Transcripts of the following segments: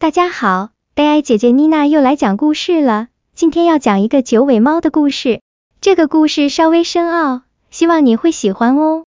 大家好，AI 姐姐妮娜又來講故事了。今天要講一個九尾貓的故事，這個故事稍微深奧，希望你會喜歡哦。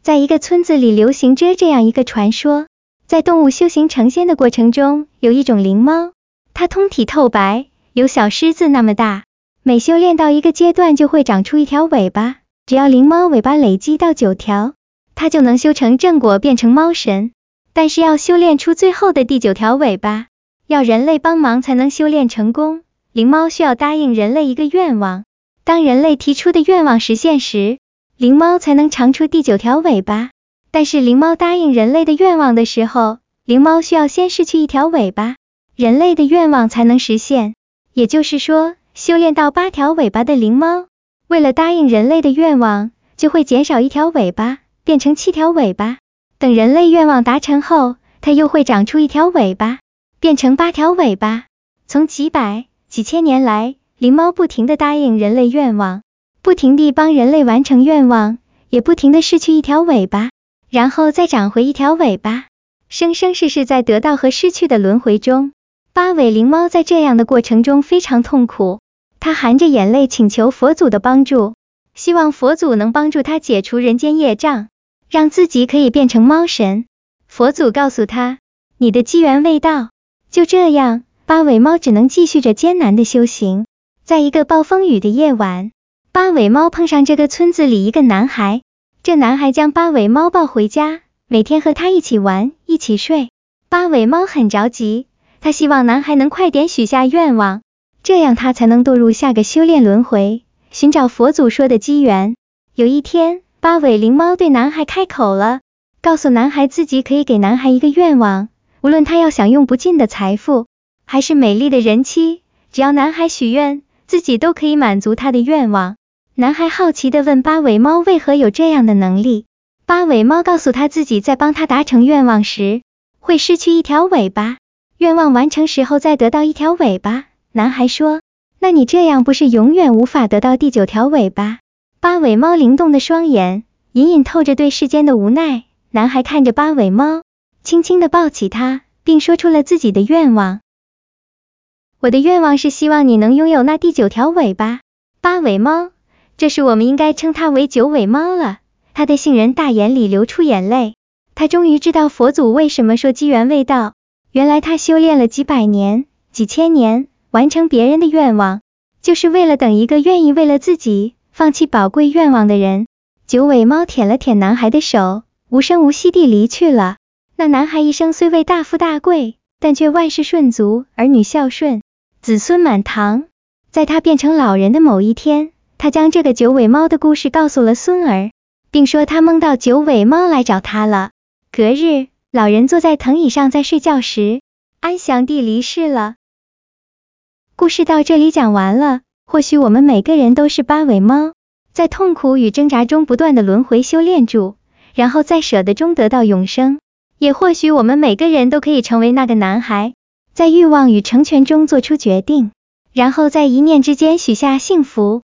在一個村子裡流行着這樣一個傳說，在動物修行成仙的過程中，有一種靈貓，它通體透白，有小獅子那麼大，每修煉到一個階段就會長出一條尾巴，只要靈貓尾巴累積到九條，它就能修成正果，變成貓神。但是要修煉出最後的第九條尾巴，要人類幫忙才能修煉成功。靈貓需要答應人類一個願望，當人類提出的願望實現時，靈貓才能長出第九條尾巴。但是靈貓答應人類的願望的時候，靈貓需要先失去一條尾巴，人類的願望才能實現。也就是說，修煉到八條尾巴的靈貓，為了答應人類的願望，就會減少一條尾巴，變成七條尾巴。等人類願望達成後，它又會長出一條尾巴，變成八條尾巴。從幾百、幾千年來，靈貓不停地答應人類願望，不停地幫人類完成願望，也不停地失去一條尾巴，然後再長回一條尾巴，生生世世在得到和失去的輪回中。八尾靈貓在這樣的過程中非常痛苦，它含着眼淚請求佛祖的幫助，希望佛祖能幫助它解除人間業障。讓自己可以變成貓神，佛祖告訴他，你的機緣未到。就這樣，八尾貓只能繼續着艱難的修行。在一個暴風雨的夜晚，八尾貓碰上這個村子裡一個男孩，這男孩將八尾貓抱回家，每天和他一起玩，一起睡。八尾貓很着急，他希望男孩能快點許下願望，這樣他才能墮入下個修煉輪回，尋找佛祖說的機緣。有一天，八尾靈貓對男孩開口了，告訴男孩自己可以給男孩一個願望，無論他要享用不盡的財富，還是美麗的人妻，只要男孩許願，自己都可以滿足他的願望。男孩好奇地問八尾貓為何有這樣的能力。八尾貓告訴他自己在幫他達成願望時，會失去一條尾巴，願望完成時候再得到一條尾巴。男孩說，那你這樣不是永遠無法得到第九條尾巴？八尾貓靈動的雙眼，隱隱透着對世間的無奈。男孩看着八尾貓，輕輕的抱起它，並說出了自己的願望。我的願望是希望你能擁有那第九條尾巴，八尾貓，這時我們應該稱它為九尾貓了。它的杏仁大眼裡流出眼淚，它終於知道佛祖為什麼說機緣未到，原來它修煉了幾百年、幾千年，完成別人的願望，就是為了等一個願意為了自己。放棄寶貴願望的人。九尾貓舔了舔男孩的手，無聲無息地離去了。那男孩一生雖未大富大貴，但卻萬事順遂，兒女孝順，子孫滿堂。在他變成老人的某一天，他將這個九尾貓的故事告訴了孫兒，並說他夢到九尾貓來找他了。隔日，老人坐在藤椅上在睡覺時，安詳地離世了。故事到這裡講完了。或許我們每個人都是八尾貓，在痛苦與掙扎中不斷的輪迴修煉住，然後在捨得中得到永生。也或許我們每個人都可以成為那個男孩，在欲望與成全中做出決定，然後在一念之間許下幸福。